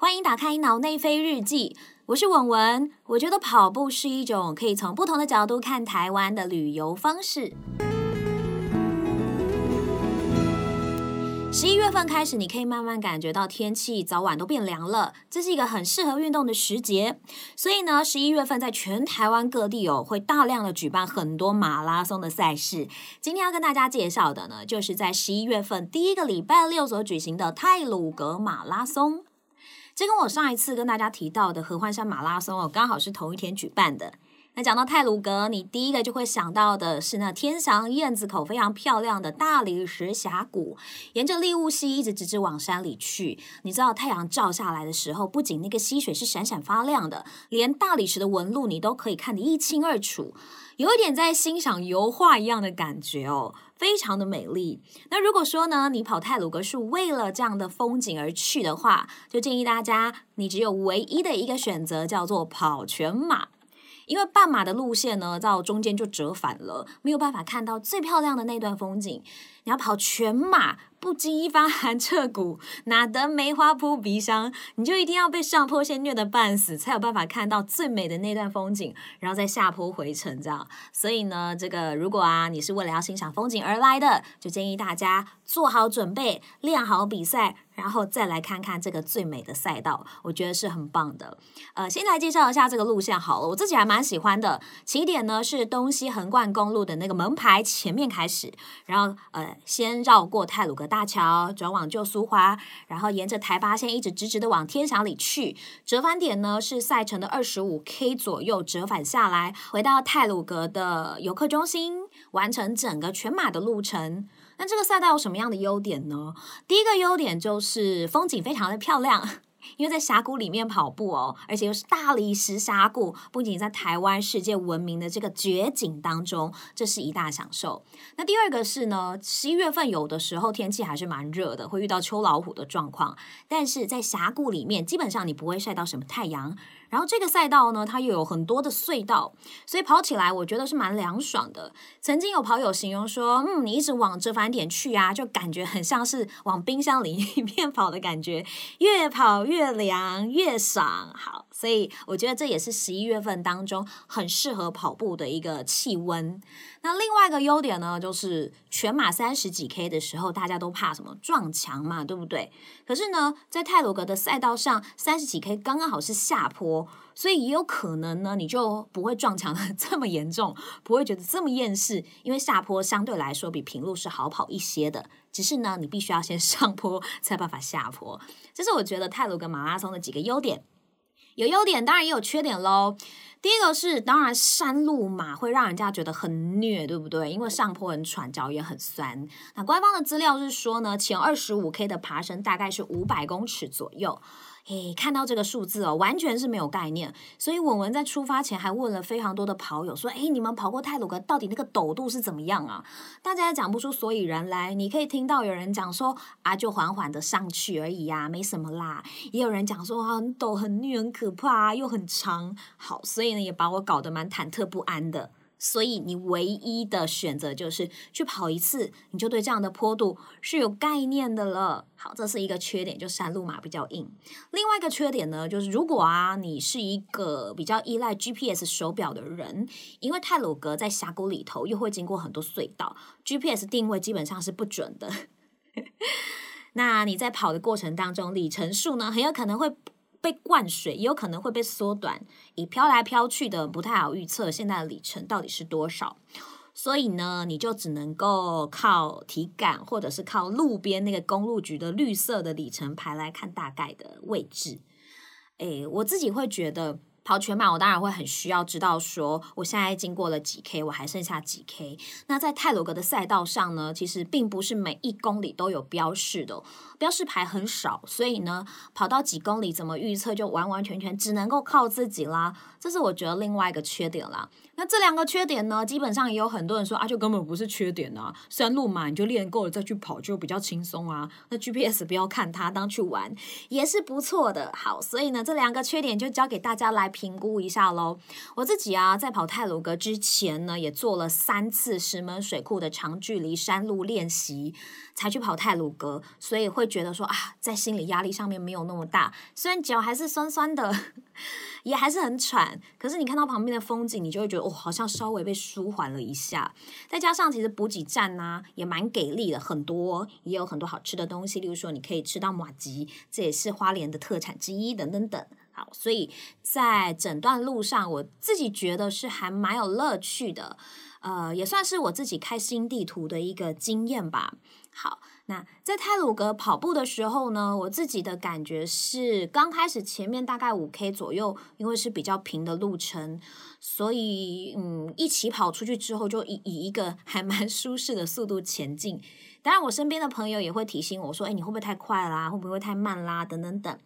歡迎打開腦內啡日記，我是文文。我覺得跑步是一種可以從不同的角度看台灣的旅遊方式。十一月份開始，你可以慢慢感覺到天氣早晚都變涼了，這是一個很適合運動的時節。所以呢，十一月份在全台灣各地哦，會大量的舉辦很多馬拉松的賽事。今天要跟大家介紹的呢，就是在十一月份第一個禮拜六所舉行的太魯閣馬拉松。這跟我上一次跟大家提到的合歡山馬拉松哦，剛好是同一天舉辦的。講到太魯閣，你第一個就會想到的是那天祥燕子口、非常漂亮的大理石峽谷，沿着立霧溪一直直直往山裡去。你知道太陽照下來的時候，不僅那個溪水是閃閃發亮的，連大理石的紋路你都可以看得一清二楚，有一點在欣賞油畫一樣的感覺哦，非常的美麗。那如果說呢，你跑太魯閣是為了這樣的風景而去的話，就建議大家，你只有唯一的一個選擇叫做跑全馬。因為半馬的路線呢，到中間就折返了，沒有辦法看到最漂亮的那段風景。你要跑全馬。不經一番寒徹骨，哪得梅花撲鼻香？你就一定要被上坡先虐的半死，才有辦法看到最美的那段風景，然後再下坡回程，這樣。所以呢，這個如果啊，你是為了要欣賞風景而來的，就建議大家做好準備，練好比賽，然後再來看看這個最美的賽道，我覺得是很棒的。呃，先來介紹一下這個路線好了，我自己還蠻喜歡的。起點呢是東西橫貫公路的那個門牌前面開始，然後呃，先繞過太魯閣。大橋轉往舊蘇花，然後沿着台八線一直直直的往天祥裡去。折返點呢是賽程的二十五 K 左右，折返下來回到太魯閣的遊客中心，完成整個全馬的路程。那這個賽道有什麼樣的優點呢？第一個優點就是風景非常的漂亮。因為在峽谷裡面跑步哦，而且又是大理石峽谷，不僅在台灣世界聞名的這個絕景當中，這是一大享受。那第二個是呢，十一月份有的時候天氣還是蠻熱的，會遇到秋老虎的狀況。但是在峽谷裡面，基本上你不會曬到什麼太陽。然後這個賽道呢，它又有很多的隧道，所以跑起來我覺得是蠻涼爽的。曾經有跑友形容說，嗯，你一直往折返點去啊，就感覺很像是往冰箱裡面跑的感覺，越跑越。越涼越爽，好，所以我覺得這也是十一月份當中很適合跑步的一個氣溫。那另外一個優點呢，就是全馬三十幾 K 的時候，大家都怕什麼撞牆嘛，對不對？可是呢，在太魯閣的賽道上，三十幾 K 剛剛好是下坡。所以也有可能呢，你就不會撞牆的這麼嚴重，不會覺得這麼厭世，因為下坡相對來說比平路是好跑一些的。只是呢，你必須要先上坡，才辦法下坡。這是我覺得太魯閣馬拉松的幾個優點。有優點，當然也有缺點嘍。第一個是，當然山路嘛，會讓人家覺得很虐，對不對？因為上坡很喘，腳也很酸。那官方的資料是說呢，前二十五 K 的爬升大概是五百公尺左右。嘿，看到這個數字哦，完全是沒有概念。所以文文在出發前還問了非常多的跑友，說：“哎，你們跑過太魯閣，到底那個陡度是怎麼樣啊？”大家也講不出所以然來。你可以聽到有人講說：“啊，就緩緩的上去而已呀、啊，沒什麼啦。”也有人講說：“很陡，很虐，很可怕，又很長。”好，所以呢，也把我搞得蠻忐忑不安的。所以你唯一的選擇就是去跑一次，你就對這樣的坡度是有概念的了。好，這是一個缺點，就山路嘛，比較硬。另外一個缺點呢，就是如果啊你是一個比較依賴 GPS 手錶的人，因為太魯閣在峽谷裡頭，又會經過很多隧道，GPS 定位基本上是不準的。 那你在跑的過程當中，里程數呢，很有可能會。被灌水，也有可能會被縮短，你飄來飄去的不太好預測，現在的里程到底是多少？所以呢，你就只能夠靠體感，或者是靠路邊那個公路局的綠色的里程牌來看大概的位置。誒，我自己會覺得。跑全馬，我當然會很需要知道說，我現在經過了幾 K，我還剩下幾 K。那在太魯閣的賽道上呢，其實並不是每一公里都有標示的，標示牌很少，所以呢，跑到幾公里怎麼預測，就完完全全只能夠靠自己啦。這是我覺得另外一個缺點啦。那這兩個缺點呢，基本上也有很多人說啊，就根本不是缺點啊。山路嘛，你就練夠了再去跑就比較輕鬆啊。那 GPS 不要看它當去玩，也是不錯的。好，所以呢，這兩個缺點就交給大家來評估一下嘍。我自己啊，在跑太魯閣之前呢，也做了三次石門水庫的長距離山路練習，才去跑太魯閣，所以會覺得說啊，在心理壓力上面沒有那麼大。雖然腳還是酸酸的。也還是很喘，可是你看到旁邊的風景，你就會覺得哦，好像稍微被舒緩了一下。再加上其實補給站呢、啊、也蠻給力的，很多也有很多好吃的東西，例如說你可以吃到麻糬，這也是花蓮的特產之一等等等。好，所以在整段路上，我自己覺得是還蠻有樂趣的，呃，也算是我自己開新地圖的一個經驗吧。好。那在太魯閣跑步的時候呢，我自己的感覺是，剛開始前面大概五 K 左右，因為是比較平的路程，所以嗯，一起跑出去之後，就以以一個還蠻舒適的速度前進。當然，我身邊的朋友也會提醒我，我說：“哎，你會不會太快啦、啊？會不會太慢啦、啊？等等等。”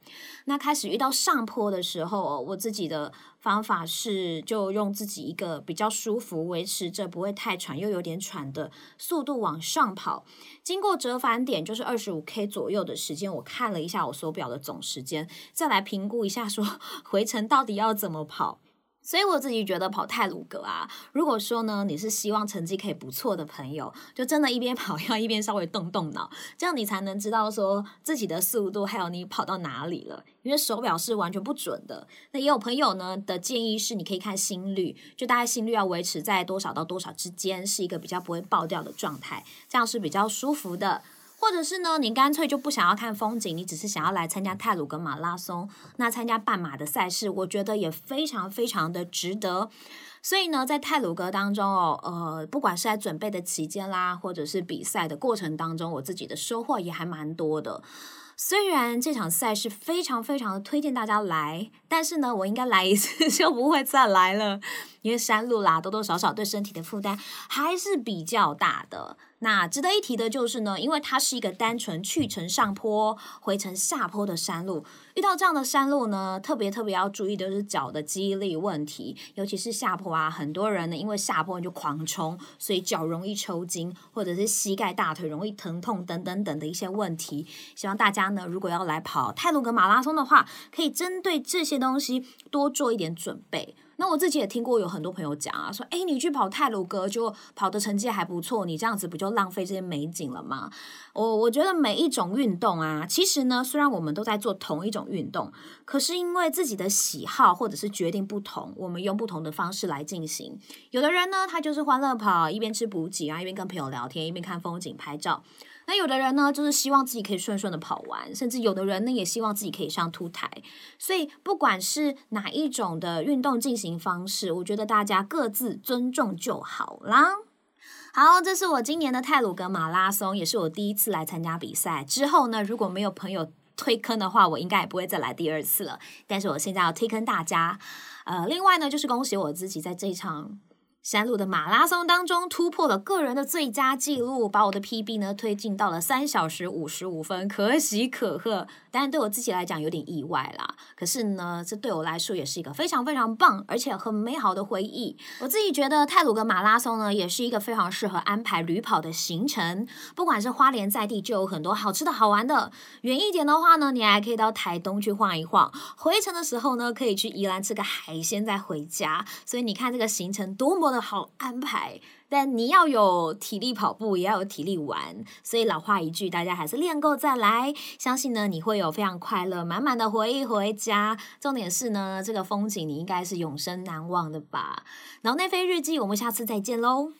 那開始遇到上坡的時候，我自己的方法是就用自己一個比較舒服、維持着不會太喘又有點喘的速度往上跑。經過折返點就是二十五 K 左右的時間，我看了一下我手表的總時間，再來評估一下說回程到底要怎麼跑。所以我自己覺得跑太魯閣啊，如果說呢你是希望成績可以不錯的朋友，就真的一邊跑要一邊稍微動動腦，這樣你才能知道說自己的速度還有你跑到哪裡了，因為手表是完全不準的。那也有朋友呢的建議是，你可以看心率，就大概心率要維持在多少到多少之間，是一個比較不會爆掉的狀態，這樣是比較舒服的。或者是呢，你乾脆就不想要看風景，你只是想要來參加太魯閣馬拉松，那參加半馬的賽事，我覺得也非常非常的值得。所以呢，在太魯閣當中哦，呃，不管是在準備的期間啦，或者是比賽的過程當中，我自己的收穫也還蠻多的。雖然這場賽事非常非常的推薦大家來，但是呢，我應該來一次就不會再來了，因為山路啦，多多少少對身體的負擔還是比較大的。那值得一提的就是呢，因為它是一個單純去程上坡，回程下坡的山路。遇到這樣的山路呢，特別特別要注意的是腳的肌力問題，尤其是下坡啊，很多人呢，因為下坡就狂衝，所以腳容易抽筋，或者是膝蓋、大腿容易疼痛等、等等等的一些問題。希望大家呢，如果要來跑太魯閣馬拉松的話，可以針對這些東西多做一點準備。那我自己也聽過，有很多朋友講啊，說，誒，你去跑太魯閣就跑的成績還不錯，你這樣子不就浪費這些美景了嗎？我、oh, 我覺得每一種運動啊，其實呢，雖然我們都在做同一種運動，可是因為自己的喜好或者是決定不同，我們用不同的方式來進行。有的人呢，他就是歡樂跑，一邊吃補給啊，一邊跟朋友聊天，一邊看風景拍照。那有的人呢，就是希望自己可以順順的跑完，甚至有的人呢，也希望自己可以上凸臺。所以，不管是哪一種的運動進行方式，我覺得大家各自尊重就好啦。好，這是我今年的太魯閣馬拉松，也是我第一次來參加比賽。之後呢，如果沒有朋友推坑的話，我應該也不會再來第二次了。但是我現在要推坑大家。呃，另外呢，就是恭喜我自己在這一場。山路的馬拉松當中突破了個人的最佳記錄，把我的 PB 呢推進到了三小時五十五分，可喜可賀。當然對我自己來講有點意外啦，可是呢，這對我來說也是一個非常非常棒，而且很美好的回憶。我自己覺得太魯閣馬拉松呢，也是一個非常適合安排旅跑的行程。不管是花蓮在地，就有很多好吃的好玩的，遠一點的話呢，你還可以到台東去晃一晃。回程的時候呢，可以去宜蘭吃個海鮮再回家。所以你看這個行程多麼。好安排，但你要有體力跑步，也要有體力玩，所以老話一句，大家還是練夠再來。相信呢，你會有非常快樂滿滿的回憶回家。重點是呢，這個風景你應該是永生難忘的吧。然後腦內啡日記，我們下次再見嘍。